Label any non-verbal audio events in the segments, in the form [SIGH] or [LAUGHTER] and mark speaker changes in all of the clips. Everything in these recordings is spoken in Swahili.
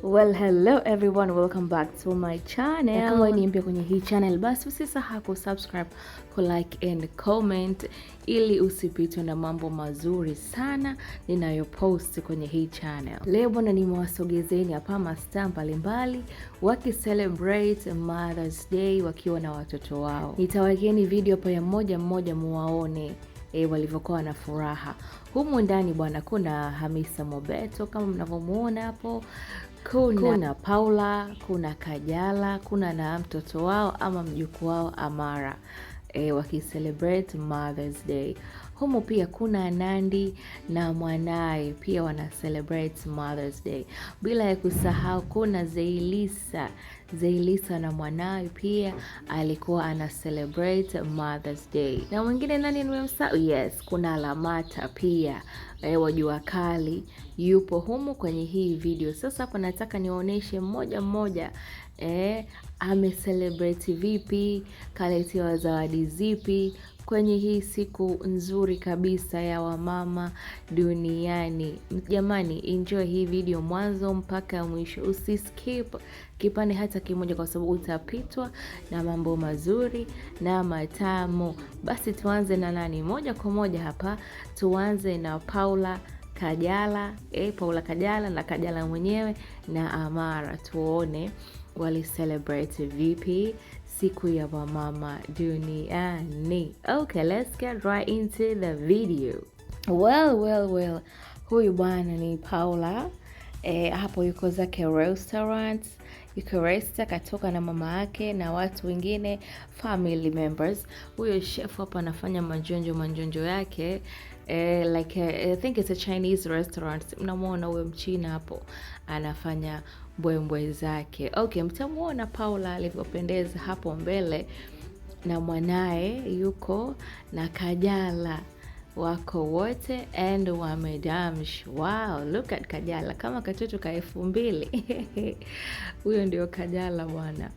Speaker 1: Well, hello everyone, welcome back to my channel. Kama ni mpya kwenye hii channel, basi usisahau subscribe, ku like and comment ili usipitwe na mambo mazuri sana ninayopost kwenye hii channel. Leo bwana, nimewasogezeni hapa mastaa mbalimbali wakicelebrate Mother's Day wakiwa na watoto wao. Nitawekeni video paya mmoja mmoja muwaone E, walivyokuwa na furaha humu ndani bwana. Kuna Hamisa Mobeto kama mnavyomuona hapo, kuna, kuna Paula, kuna Kajala, kuna na mtoto wao ama mjukuu wao Amara e, wakicelebrate Mother's Day. Humu pia kuna Nandi na mwanaye pia wana celebrate Mother's Day, bila ya kusahau kuna Zeilisa Zailisa na mwanawe pia alikuwa ana celebrate Mother's Day. Na mwingine nani nimemsahau? Oh yes, kuna Lamata pia e, wa Jua Kali yupo humu kwenye hii video. Sasa hapa nataka niwaoneshe mmoja mmoja eh, ame celebrate vipi, kaletewa zawadi zipi kwenye hii siku nzuri kabisa ya wamama duniani. Jamani, enjoy hii video mwanzo mpaka mwisho, usiskip kipande hata kimoja, kwa sababu utapitwa na mambo mazuri na matamu. Basi tuanze na nani, moja kwa moja hapa, tuanze na Paula Kajala eh, Paula Kajala na Kajala mwenyewe na Amara, tuone wali celebrate vipi siku ya wamama duniani. Okay, let's get right into the video. Well, well, well, huyu bwana ni Paula e, hapo yuko zake restaurant Ukaresta katoka na mama yake na watu wengine family members. Huyo chef hapa anafanya manjonjo manjonjo yake eh, like eh, I think it's a Chinese restaurant. Mnamwona huyo mchina hapo anafanya mbwembwe zake. Okay, mtamwona Paula alivyopendeza hapo mbele na mwanaye yuko na Kajala wako wote and wamedamsh. Wow, look at Kajala kama katoto ka elfu mbili [LAUGHS] huyo ndio Kajala bwana,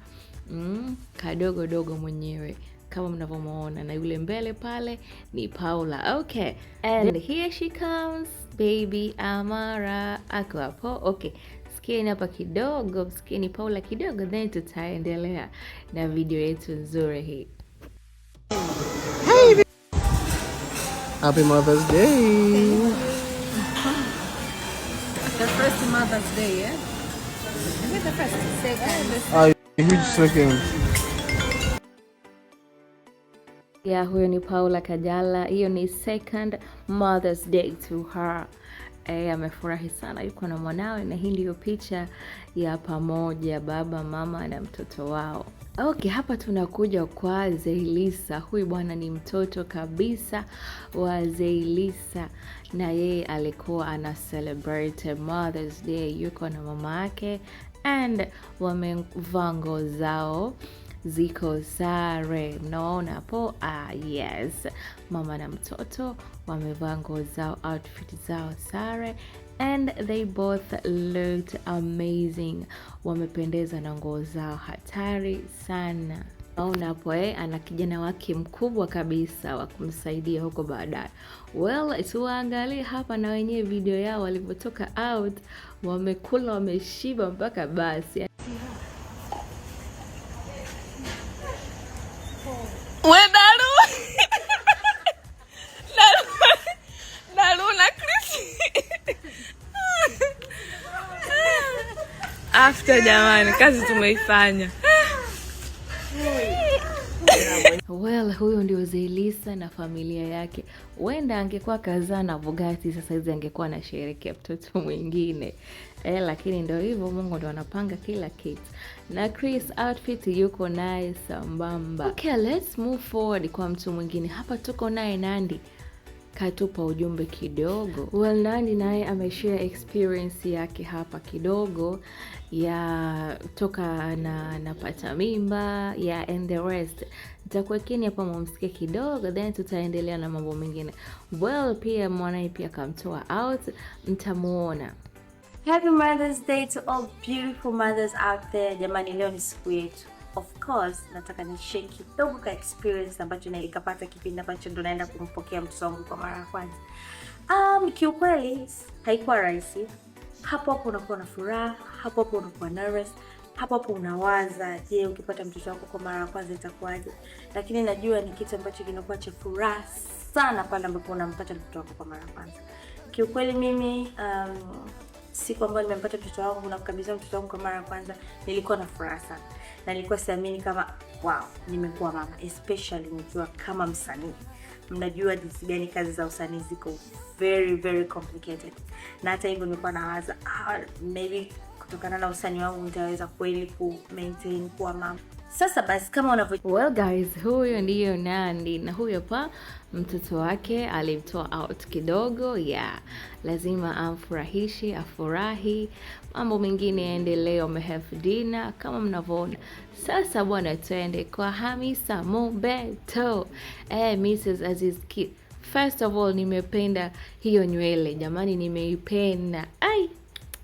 Speaker 1: mm, kadogo dogo mwenyewe kama mnavyomwona, na yule mbele pale ni Paula. Okay, and here she comes baby Amara ako hapo. Okay, sikieni hapa kidogo, msikieni Paula kidogo, then tutaendelea na video yetu nzuri hii.
Speaker 2: Happy Mother's Day.
Speaker 3: The first Mother's Day, Is it the first? Second.
Speaker 2: huge second
Speaker 1: ya huyo ni Paula Kajala. Hiyo ni second Mother's Day to her. Eh, amefurahi sana, yuko na mwanawe, na hii ndiyo picha ya pamoja, baba mama na mtoto wao. Okay, hapa tunakuja kwa Zeilisa. Huyu bwana ni mtoto kabisa wa Zeilisa, na yeye alikuwa ana celebrate Mother's Day, yuko na mama yake and wamevaa nguo zao ziko sare. Naona hapo? Ah, yes, mama na mtoto wamevaa nguo zao, outfit zao sare and they both looked amazing. Wamependeza na nguo zao hatari sana. Naona hapo eh, ana kijana wake mkubwa kabisa wa kumsaidia huko baadaye. Well, tuwaangalie hapa na wenyewe video yao walivyotoka out, wamekula wameshiba mpaka basi. after jamani, kazi tumeifanya. Well, huyo ndio Zaiylisa na familia yake. Huenda angekuwa kazaa na Bugatti sasa hizi angekuwa anasherehekea mtoto mwingine eh, lakini ndio hivyo, Mungu ndo anapanga kila kitu. Na Chris outfit yuko naye sambamba. Okay, let's move forward kwa mtu mwingine hapa, tuko naye Nandy katupa ujumbe kidogo. Well, Nandy naye ameshare experience yake hapa kidogo ya toka na napata mimba ya and the rest nitakuwekeni hapa mwamsikia kidogo, then tutaendelea na mambo mengine. Well, pia mwanaye pia akamtoa out, mtamuona. Happy Mother's Day to all beautiful mothers out there. Jamani, leo ni siku yetu of course nataka ni share kidogo ka experience ambacho nilikapata kipindi ambacho ndo naenda kumpokea mtoto wangu kwa mara ya kwanza. Um, kiukweli haikuwa rahisi. Hapo hapo unakuwa na furaha, hapo hapo unakuwa nervous, hapo hapo unawaza, je, ukipata mtoto wako kwa mara ya kwanza itakuwaje? Lakini najua ni kitu ambacho kinakuwa cha furaha sana pale ambapo unampata mtoto wako kwa mara ya kwanza. Kiukweli mimi um, siku ambayo nimempata mtoto wangu na kukabidhiwa mtoto wangu kwa mara ya kwanza nilikuwa na furaha sana na nilikuwa siamini kama wow, nimekuwa mama especially nikiwa kama msanii. Mnajua jinsi gani kazi za usanii ziko very very complicated, na hata hivyo nimekuwa nawaza ah, maybe kutokana na usanii wangu nitaweza kweli ku maintain kuwa mama. Sasa basi kama unavyo well guys, huyo ndiyo Nandy na huyo hapa mtoto wake alimtoa out kidogo ya yeah. Lazima amfurahishi afurahi, mambo mengine yaendelee. Wamehave dina kama mnavyoona. Sasa bwana, twende kwa Hamisa Mobeto eh, Mrs Aziz Ki. First of all nimependa hiyo nywele jamani, nimeipenda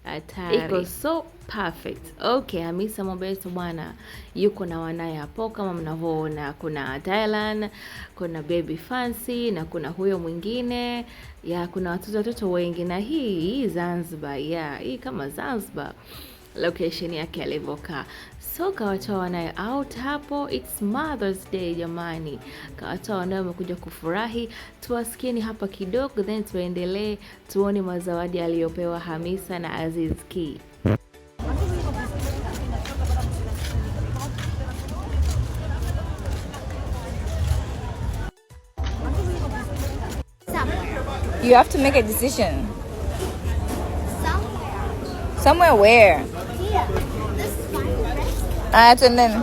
Speaker 1: hatari. Iko so perfect. Okay, Hamisa Mobeto bwana yuko na wanaye hapo kama mnavyoona, kuna Thailand, kuna Baby Fancy na kuna huyo mwingine ya, kuna watoto watoto wengi na hii hii Zanzibar ya hii kama Zanzibar location yake alivyokaa. So kawatoa wanawe out hapo, it's Mother's Day jamani, kawatoa wanaye wamekuja kufurahi. Tuwasikieni hapa kidogo, then tuendelee tuone mazawadi aliyopewa Hamisa na Aziz Ki.
Speaker 4: You have to make a decision. Somewhere. Somewhere where? Haya, twendeni.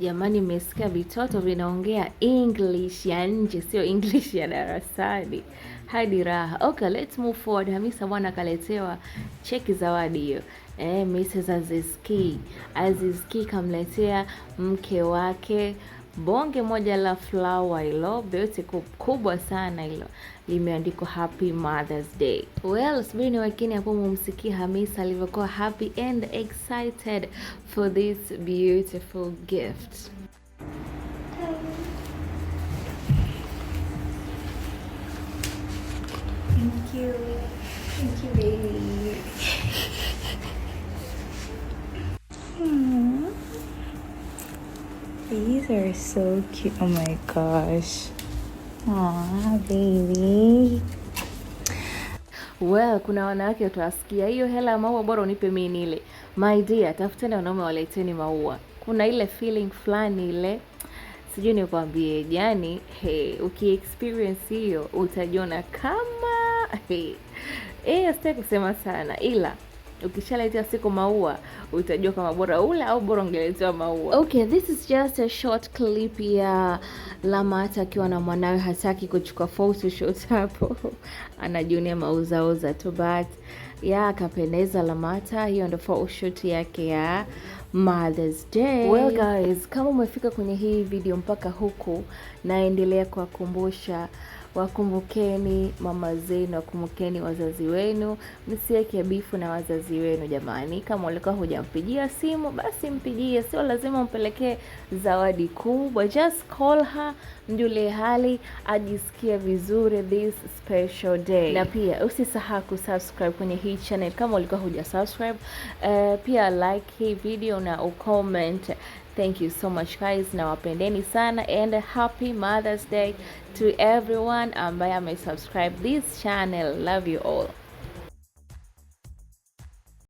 Speaker 1: Jamani, mmesikia vitoto vinaongea English ya nje, sio English ya darasani. Hadi raha. Okay, let's move forward. Hamisa bwana akaletewa cheki zawadi hiyo. Eh, Mrs. Azizki Azizki kamletea mke wake bonge moja la flower hilo beauty kubwa sana hilo limeandikwa happy mother's day. Well, sibiri ni wakini hapo mumsikia Hamisa alivyokuwa happy and excited for this beautiful gift.
Speaker 5: Thank you. Thank you, baby. [LAUGHS] Hmm. These are so cute. Oh my gosh. Aw, baby.
Speaker 1: Well, kuna wanawake utawasikia hiyo hela ya maua bora unipe mimi nile. My dear, tafuteni wanaume waleteni maua. Kuna ile feeling fulani ile sijui nikwambie, yani hey, ukiexperience hiyo utajiona kama hey. Eh, sitaki kusema sana ila ukishaletea siku maua utajua kama bora ule au bora ungeletewa maua. Okay, this is just a short clip ya Lamata akiwa na mwanawe, hataki kuchukua photoshoot hapo [LAUGHS] anajiunia mauzauza tu, but ya akapendeza Lamata. Hiyo ndio photoshoot yake ya Mother's Day. Well guys, kama umefika kwenye hii video mpaka huku, naendelea kuwakumbusha Wakumbukeni mama zenu, wakumbukeni wazazi wenu, msiwe bifu na wazazi wenu jamani. Kama ulikuwa hujampigia simu, basi mpigie, sio lazima umpelekee zawadi kubwa. Just call her, mjulie hali, ajisikie vizuri this special day. Na pia usisahau kusubscribe kwenye hii channel kama ulikuwa hujasubscribe. Uh, pia like hii video na ucomment Thank you so much guys, nawapendeni sana and a happy Mother's Day to everyone ambaye amesubscribe this channel. Love you all.